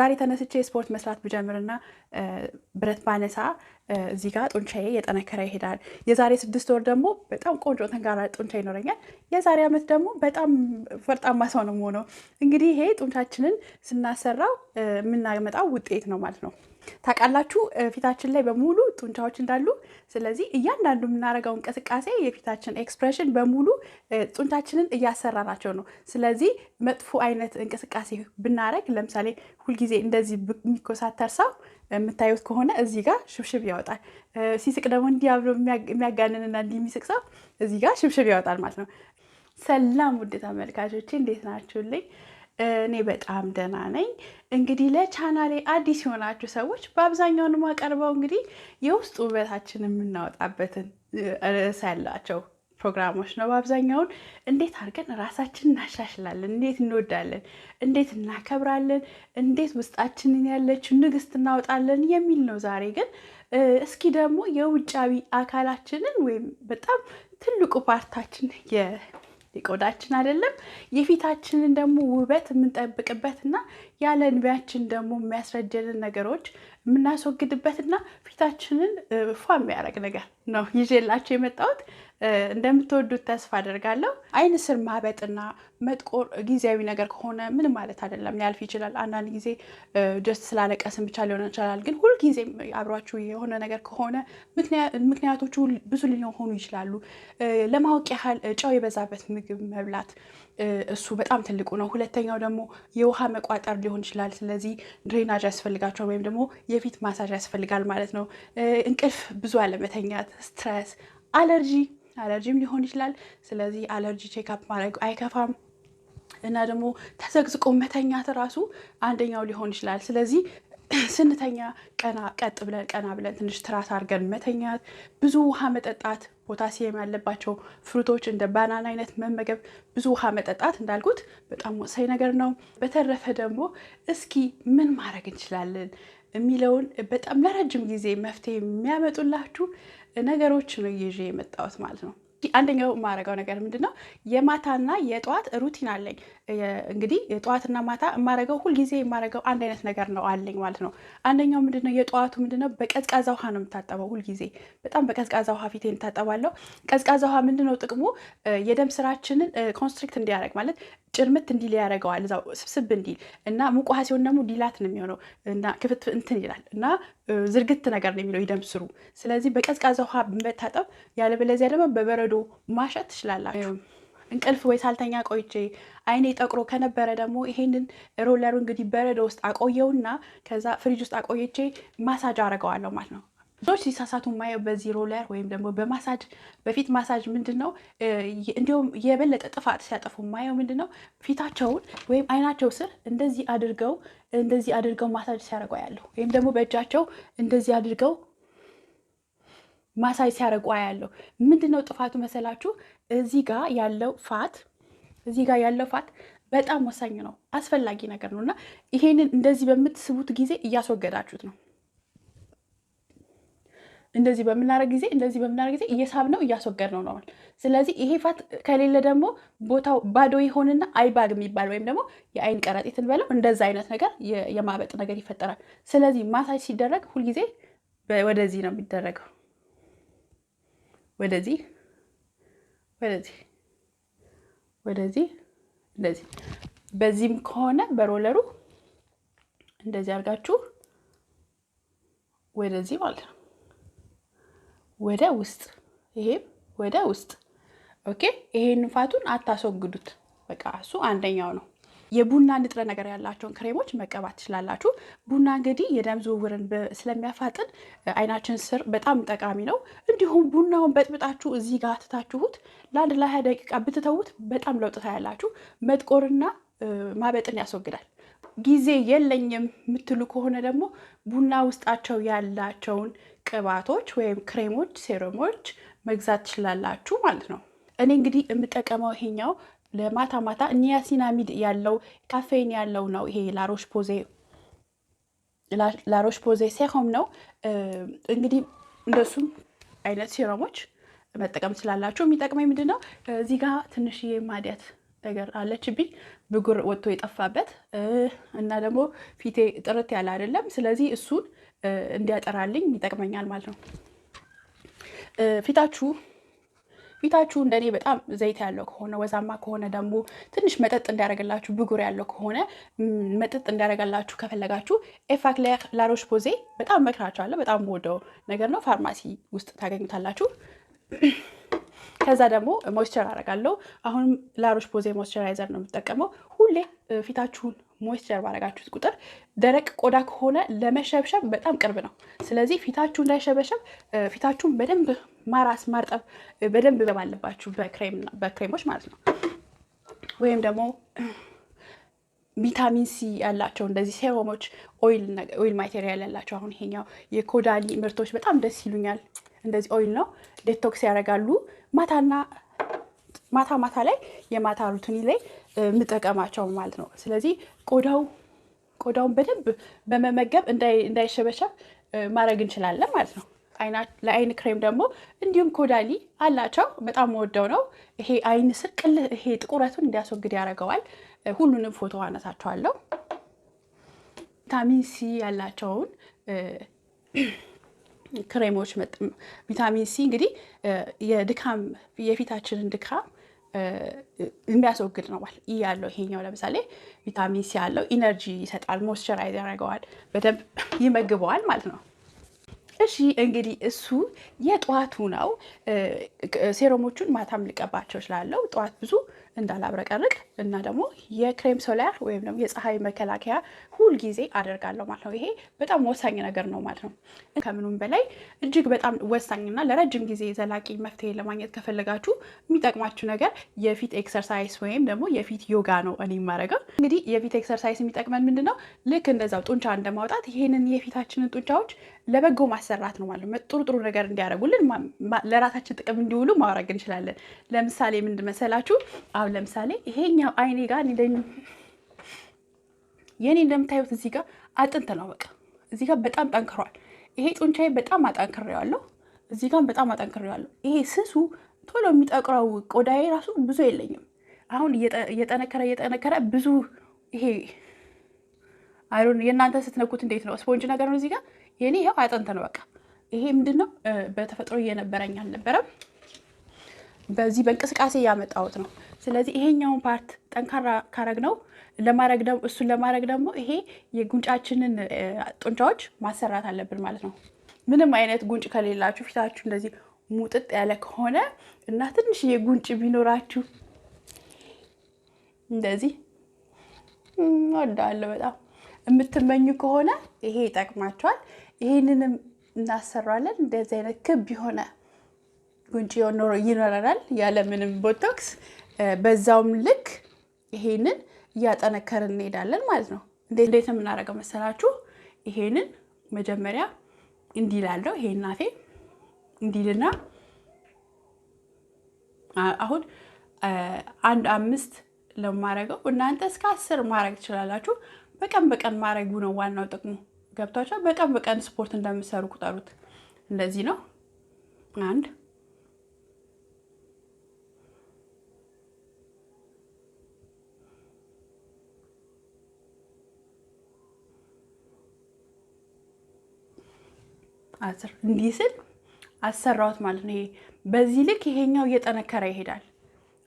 ዛሬ ተነስቼ ስፖርት መስራት ብጀምርና ብረት ባነሳ እዚህ ጋር ጡንቻዬ እየጠነከረ ይሄዳል። የዛሬ ስድስት ወር ደግሞ በጣም ቆንጆ ተንጋራ ጡንቻ ይኖረኛል። የዛሬ ዓመት ደግሞ በጣም ፈርጣማ ሰው ነው የምሆነው። እንግዲህ ይሄ ጡንቻችንን ስናሰራው የምናመጣው ውጤት ነው ማለት ነው። ታውቃላችሁ ፊታችን ላይ በሙሉ ጡንቻዎች እንዳሉ። ስለዚህ እያንዳንዱ የምናደርገው እንቅስቃሴ የፊታችን ኤክስፕሬሽን በሙሉ ጡንቻችንን እያሰራናቸው ነው። ስለዚህ መጥፎ አይነት እንቅስቃሴ ብናደርግ፣ ለምሳሌ ሁልጊዜ እንደዚህ የሚኮሳተር ሰው የምታዩት ከሆነ እዚህ ጋር ሽብሽብ ያወጣል። ሲስቅ ደግሞ እንዲህ የሚያጋንንና እንዲህ የሚስቅ ሰው እዚህ ጋር ሽብሽብ ያወጣል ማለት ነው። ሰላም ውድ ተመልካቾቼ እንዴት ናችሁልኝ? እኔ በጣም ደህና ነኝ። እንግዲህ ለቻናሌ አዲስ የሆናችሁ ሰዎች በአብዛኛውን ማቀርበው እንግዲህ የውስጥ ውበታችን የምናወጣበትን ርዕስ ያላቸው ፕሮግራሞች ነው። በአብዛኛውን እንዴት አድርገን ራሳችን እናሻሽላለን፣ እንዴት እንወዳለን፣ እንዴት እናከብራለን፣ እንዴት ውስጣችንን ያለችው ንግስት እናወጣለን የሚል ነው። ዛሬ ግን እስኪ ደግሞ የውጫዊ አካላችንን ወይም በጣም ትልቁ ፓርታችን የቆዳችን አይደለም የፊታችንን ደግሞ ውበት የምንጠብቅበትና ያለ ዕድሜያችን ደግሞ የሚያስረጀንን ነገሮች የምናስወግድበት እና ፊታችንን ፏ የሚያደርግ ነገር ነው ይዤላቸው የመጣሁት። እንደምትወዱት ተስፋ አደርጋለሁ። አይን ስር ማበጥና መጥቆር ጊዜያዊ ነገር ከሆነ ምንም ማለት አይደለም፣ ሊያልፍ ይችላል። አንዳንድ ጊዜ ጀስት ስላለቀስን ብቻ ሊሆን ይችላል። ግን ሁልጊዜም አብሯችሁ የሆነ ነገር ከሆነ ምክንያቶቹ ብዙ ሊሆኑ ይችላሉ። ለማወቅ ያህል ጨው የበዛበት ምግብ መብላት እሱ በጣም ትልቁ ነው። ሁለተኛው ደግሞ የውሃ መቋጠር ሊሆን ይችላል። ስለዚህ ድሬናጅ ያስፈልጋቸዋል ወይም ደግሞ የፊት ማሳጅ ያስፈልጋል ማለት ነው። እንቅልፍ ብዙ አለመተኛት፣ ስትረስ፣ አለርጂ አለርጂም ሊሆን ይችላል። ስለዚህ አለርጂ ቼክአፕ ማድረግ አይከፋም። እና ደግሞ ተዘግዝቆ መተኛት ራሱ አንደኛው ሊሆን ይችላል። ስለዚህ ስንተኛ ቀና ቀጥ ብለን ቀና ብለን ትንሽ ትራስ አድርገን መተኛት፣ ብዙ ውሃ መጠጣት፣ ፖታሲየም ያለባቸው ፍሩቶች እንደ ባናና አይነት መመገብ፣ ብዙ ውሃ መጠጣት እንዳልኩት በጣም ወሳኝ ነገር ነው። በተረፈ ደግሞ እስኪ ምን ማድረግ እንችላለን የሚለውን በጣም ለረጅም ጊዜ መፍትሄ የሚያመጡላችሁ ነገሮች ነው ይዤ የመጣሁት ማለት ነው። አንደኛው የማደርገው ነገር ምንድን ነው? የማታና የጠዋት ሩቲን አለኝ። እንግዲህ የጠዋትና ማታ የማረገው ሁልጊዜ የማረገው አንድ አይነት ነገር ነው አለኝ ማለት ነው። አንደኛው ምንድነው የጠዋቱ ምንድነው በቀዝቃዛ ውሃ ነው የምታጠበው። ሁልጊዜ በጣም በቀዝቃዛ ውሃ ፊቴን ታጠባለሁ። ቀዝቃዛ ውሃ ምንድነው ጥቅሙ? የደም ስራችንን ኮንስትሪክት እንዲያደርግ ማለት ጭርምት እንዲል ያደርገዋል፣ እዛው ስብስብ እንዲል እና ሙቅ ውሃ ሲሆን ደግሞ ዲላት ነው የሚሆነው እና ክፍት እንትን ይላል እና ዝርግት ነገር ነው የሚለው የደም ስሩ። ስለዚህ በቀዝቃዛ ውሃ መታጠብ፣ ያለበለዚያ ደግሞ በበረዶ ማሸት ትችላላችሁ። እንቅልፍ ወይ ሳልተኛ ቆይቼ አይኔ ጠቁሮ ከነበረ ደግሞ ይሄንን ሮለሩ እንግዲህ በረዶ ውስጥ አቆየውና ከዛ ፍሪጅ ውስጥ አቆየቼ ማሳጅ አደርገዋለሁ ማለት ነው። ብዙዎች ሲሳሳቱ ማየው በዚህ ሮለር ወይም ደግሞ በማሳጅ በፊት ማሳጅ ምንድን ነው እንዲሁም የበለጠ ጥፋት ሲያጠፉ ማየው ምንድን ነው ፊታቸውን ወይም አይናቸው ስር እንደዚህ አድርገው እንደዚህ አድርገው ማሳጅ ሲያደርገው ያለው ወይም ደግሞ በእጃቸው እንደዚህ አድርገው ማሳጅ ሲያደርጉ አያለሁ። ምንድን ነው ጥፋቱ መሰላችሁ? እዚህ ጋ ያለው ፋት እዚህ ጋ ያለው ፋት በጣም ወሳኝ ነው፣ አስፈላጊ ነገር ነው እና ይሄንን እንደዚህ በምትስቡት ጊዜ እያስወገዳችሁት ነው። እንደዚህ በምናደርግ ጊዜ እንደዚህ በምናደርግ ጊዜ እየሳብ ነው እያስወገድ ነው ነዋል። ስለዚህ ይሄ ፋት ከሌለ ደግሞ ቦታው ባዶ ይሆንና አይባግ የሚባል ወይም ደግሞ የአይን ቀረጢት እንበለው እንደዛ አይነት ነገር የማበጥ ነገር ይፈጠራል። ስለዚህ ማሳጅ ሲደረግ ሁልጊዜ ወደዚህ ነው የሚደረገው። ወደዚህ ወደዚህ ወደዚህ እንደዚህ። በዚህም ከሆነ በሮለሩ እንደዚህ አድርጋችሁ ወደዚህ ማለት ነው፣ ወደ ውስጥ ይሄም ወደ ውስጥ ኦኬ። ይሄ ንፋቱን አታስወግዱት። በቃ እሱ አንደኛው ነው። የቡና ንጥረ ነገር ያላቸውን ክሬሞች መቀባት ትችላላችሁ። ቡና እንግዲህ የደም ዝውውርን ስለሚያፋጥን አይናችን ስር በጣም ጠቃሚ ነው። እንዲሁም ቡናውን በጥብጣችሁ እዚህ ጋር ትታችሁት ለአንድ ለሀያ ደቂቃ ብትተዉት በጣም ለውጥ ታያላችሁ። መጥቆርና ማበጥን ያስወግዳል። ጊዜ የለኝም የምትሉ ከሆነ ደግሞ ቡና ውስጣቸው ያላቸውን ቅባቶች ወይም ክሬሞች፣ ሴረሞች መግዛት ትችላላችሁ ማለት ነው። እኔ እንግዲህ የምጠቀመው ይሄኛው ለማታ ማታ ኒያሲናሚድ ያለው ካፌን ያለው ነው። ይሄ ላሮሽ ፖዜ ላሮሽ ፖዜ ሴሆም ነው። እንግዲህ እንደሱም አይነት ሲረሞች መጠቀም ስላላቸው የሚጠቅመኝ ምንድን ነው? እዚህ ጋ ትንሽዬ ማዲያት ነገር አለችብኝ ብጉር ወጥቶ የጠፋበት እና ደግሞ ፊቴ ጥርት ያለ አይደለም። ስለዚህ እሱን እንዲያጠራልኝ ይጠቅመኛል ማለት ነው ፊታችሁ ፊታችሁ እንደኔ በጣም ዘይት ያለው ከሆነ ወዛማ ከሆነ ደግሞ ትንሽ መጠጥ እንዲያደርግላችሁ ብጉር ያለው ከሆነ መጠጥ እንዲያደርግላችሁ ከፈለጋችሁ ኤፋክሌር ላሮች ፖዜ በጣም መክራችኋለሁ። በጣም ወደው ነገር ነው። ፋርማሲ ውስጥ ታገኙታላችሁ። ከዛ ደግሞ ሞይስቸር አደርጋለሁ። አሁንም ላሮች ፖዜ ሞይስቸራይዘር ነው የምጠቀመው ሁሌ ፊታችሁን ሞይስቸር ባረጋችሁት ቁጥር ደረቅ ቆዳ ከሆነ ለመሸብሸብ በጣም ቅርብ ነው። ስለዚህ ፊታችሁ እንዳይሸበሸብ ፊታችሁን በደንብ ማራስ ማርጠብ በደንብ በባለባችሁ በክሬሞች ማለት ነው። ወይም ደግሞ ቪታሚን ሲ ያላቸው እንደዚህ ሴሮሞች፣ ኦይል ማቴሪያል ያላቸው አሁን ይሄኛው የኮዳሊ ምርቶች በጣም ደስ ይሉኛል። እንደዚህ ኦይል ነው፣ ዴቶክስ ያደርጋሉ። ማታና ማታ ማታ ላይ የማታ ሩቲን ላይ የምጠቀማቸው ማለት ነው። ስለዚህ ቆዳው ቆዳውን በደንብ በመመገብ እንዳይሸበሸብ ማድረግ እንችላለን ማለት ነው። ለአይን ክሬም ደግሞ እንዲሁም ኮዳሊ አላቸው። በጣም ወደው ነው ይሄ አይን ስር ቅል ይሄ ጥቁረቱን እንዲያስወግድ ያደርገዋል። ሁሉንም ፎቶ አነሳቸዋለሁ። ቪታሚን ሲ ያላቸውን ክሬሞች ቪታሚን ሲ እንግዲህ የድካም የፊታችንን ድካም የሚያስወግድ ነው ይህ ያለው ይሄኛው ለምሳሌ ቪታሚን ሲ ያለው ኢነርጂ ይሰጣል፣ ሞስቸራይዝ ያደረገዋል፣ በደንብ ይመግበዋል ማለት ነው። እሺ እንግዲህ እሱ የጠዋቱ ነው። ሴሮሞቹን ማታም ልቀባቸው እችላለሁ። ጠዋት ብዙ እንዳላብረቀርቅ እና ደግሞ የክሬም ሶላር ወይም ደግሞ የፀሐይ መከላከያ ሁል ጊዜ አደርጋለሁ ማለት ነው። ይሄ በጣም ወሳኝ ነገር ነው ማለት ነው። ከምኑም በላይ እጅግ በጣም ወሳኝና ለረጅም ጊዜ ዘላቂ መፍትሄ ለማግኘት ከፈለጋችሁ የሚጠቅማችሁ ነገር የፊት ኤክሰርሳይዝ ወይም ደግሞ የፊት ዮጋ ነው። እኔ የማደርገው እንግዲህ የፊት ኤክሰርሳይዝ የሚጠቅመን ምንድን ነው? ልክ እንደዛው ጡንቻ እንደማውጣት ይሄንን የፊታችንን ጡንቻዎች ለበጎ ማሰራት ነው ማለት ነው። ጥሩ ጥሩ ነገር እንዲያደርጉልን ለራሳችን ጥቅም እንዲውሉ ማውረግ እንችላለን። ለምሳሌ ምንድን መሰላችሁ አሁን አሁን ለምሳሌ ይሄኛው አይኔ ጋር የኔ እንደምታዩት እዚህ ጋር አጥንት ነው። በቃ እዚህ ጋር በጣም ጠንክሯል። ይሄ ጡንቻዬ በጣም አጠንክሬዋለሁ። እዚህ ጋር በጣም አጠንክሬዋለሁ። ይሄ ስሱ ቶሎ የሚጠቁረው ቆዳዬ ራሱ ብዙ የለኝም። አሁን እየጠነከረ እየጠነከረ ብዙ ይሄ አይሮን የእናንተ ስትነኩት እንዴት ነው? ስፖንጅ ነገር ነው። እዚህ ጋር የኔ ይኸው አጥንት ነው። በቃ ይሄ ምንድን ነው? በተፈጥሮ እየነበረኝ አልነበረም። በዚህ በእንቅስቃሴ ያመጣሁት ነው። ስለዚህ ይሄኛውን ፓርት ጠንካራ ካረግ ነው ለማድረግ እሱን ለማድረግ ደግሞ ይሄ የጉንጫችንን ጡንቻዎች ማሰራት አለብን ማለት ነው። ምንም አይነት ጉንጭ ከሌላችሁ ፊታችሁ እንደዚህ ሙጥጥ ያለ ከሆነ እና ትንሽ የጉንጭ ቢኖራችሁ እንደዚህ ወዳለሁ በጣም የምትመኙ ከሆነ ይሄ ይጠቅማቸዋል። ይሄንንም እናሰራለን እንደዚህ አይነት ክብ የሆነ ጉንጭ ኖሮ ይኖረናል ያለምንም ቦቶክስ። በዛውም ልክ ይሄንን እያጠነከርን እንሄዳለን ማለት ነው። እንዴት የምናደርገው መሰላችሁ? ይሄንን መጀመሪያ እንዲላለው ይሄ እናቴ እንዲልና አሁን አንድ አምስት ለማድረገው እናንተ እስከ አስር ማድረግ ትችላላችሁ። በቀን በቀን ማድረጉ ነው ዋናው ጥቅሙ። ገብቷቸው በቀን በቀን ስፖርት እንደምሰሩ ቁጠሩት። እንደዚህ ነው አንድ አስር እንዲህ ስል አሰራሁት ማለት ነው። ይሄ በዚህ ልክ ይሄኛው እየጠነከረ ይሄዳል።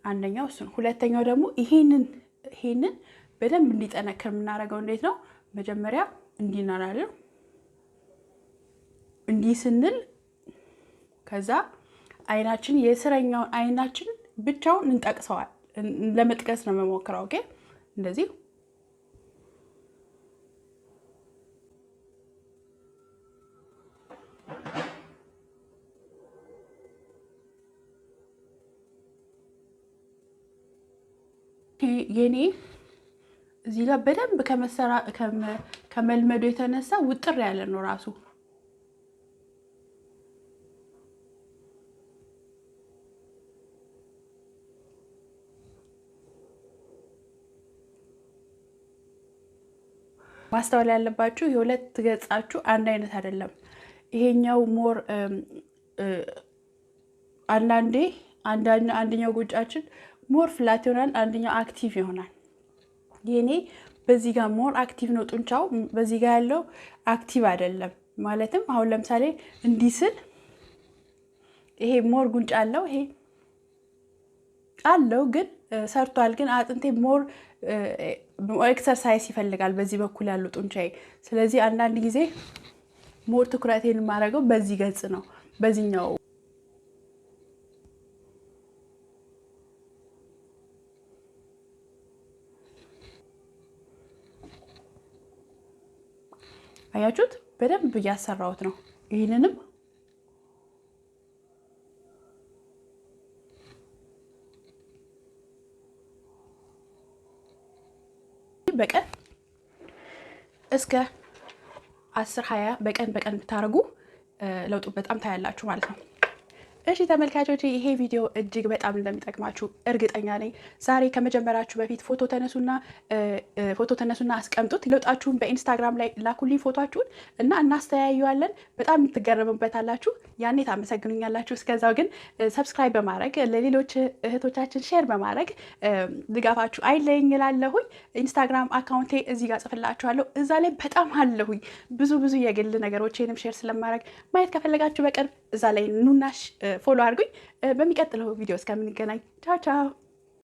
አንደኛው እሱ ነው። ሁለተኛው ደግሞ ይሄንን ይሄንን በደንብ እንዲጠነክር የምናደርገው እንዴት ነው? መጀመሪያ እንዲህ እናላለን። እንዲህ ስንል ከዛ አይናችን የስረኛውን አይናችን ብቻውን እንጠቅሰዋል። ለመጥቀስ ነው የምሞክረው። ኦኬ እንደዚህ የኔ እዚህ ጋር በደንብ ከመልመዱ የተነሳ ውጥር ያለ ነው ራሱ። ማስተዋል ያለባችሁ የሁለት ገጻችሁ አንድ አይነት አይደለም። ይሄኛው ሞር አንዳንዴ አንደኛው ጎጫችን ሞር ፍላት ይሆናል፣ አንደኛው አክቲቭ ይሆናል። የኔ በዚህ ጋር ሞር አክቲቭ ነው ጡንቻው፣ በዚህ ጋር ያለው አክቲቭ አይደለም። ማለትም አሁን ለምሳሌ እንዲህ ስል ይሄ ሞር ጉንጭ አለው፣ ይሄ አለው ግን ሰርቷል፣ ግን አጥንቴ ሞር ኤክሰርሳይዝ ይፈልጋል በዚህ በኩል ያለው ጡንቻዬ። ስለዚህ አንዳንድ ጊዜ ሞር ትኩረቴን የማደርገው በዚህ ገጽ ነው በዚህኛው አያችሁት? በደንብ እያሰራሁት ነው። ይህንንም በቀን እስከ አስር ሀያ በቀን በቀን ብታደርጉ ለውጡ በጣም ታያላችሁ ማለት ነው። እሺ ተመልካቾች ይሄ ቪዲዮ እጅግ በጣም እንደሚጠቅማችሁ እርግጠኛ ነኝ። ዛሬ ከመጀመራችሁ በፊት ፎቶ ተነሱና ፎቶ ተነሱና አስቀምጡት። ለውጣችሁን በኢንስታግራም ላይ ላኩልኝ ፎቶችሁን እና እናስተያየዋለን። በጣም የምትገረሙበታላችሁ፣ ያኔ ታመሰግኑኛላችሁ። እስከዛው ግን ሰብስክራይብ በማድረግ ለሌሎች እህቶቻችን ሼር በማድረግ ድጋፋችሁ አይለኝ እላለሁኝ። ኢንስታግራም አካውንቴ እዚህ ጋር ጽፍላችኋለሁ። እዛ ላይ በጣም አለሁኝ ብዙ ብዙ የግል ነገሮቼንም ሼር ስለማድረግ ማየት ከፈለጋችሁ በቅርብ እዛ ላይ ኑናሽ ፎሎ አድርጉኝ። በሚቀጥለው ቪዲዮ እስከምንገናኝ ቻው ቻው።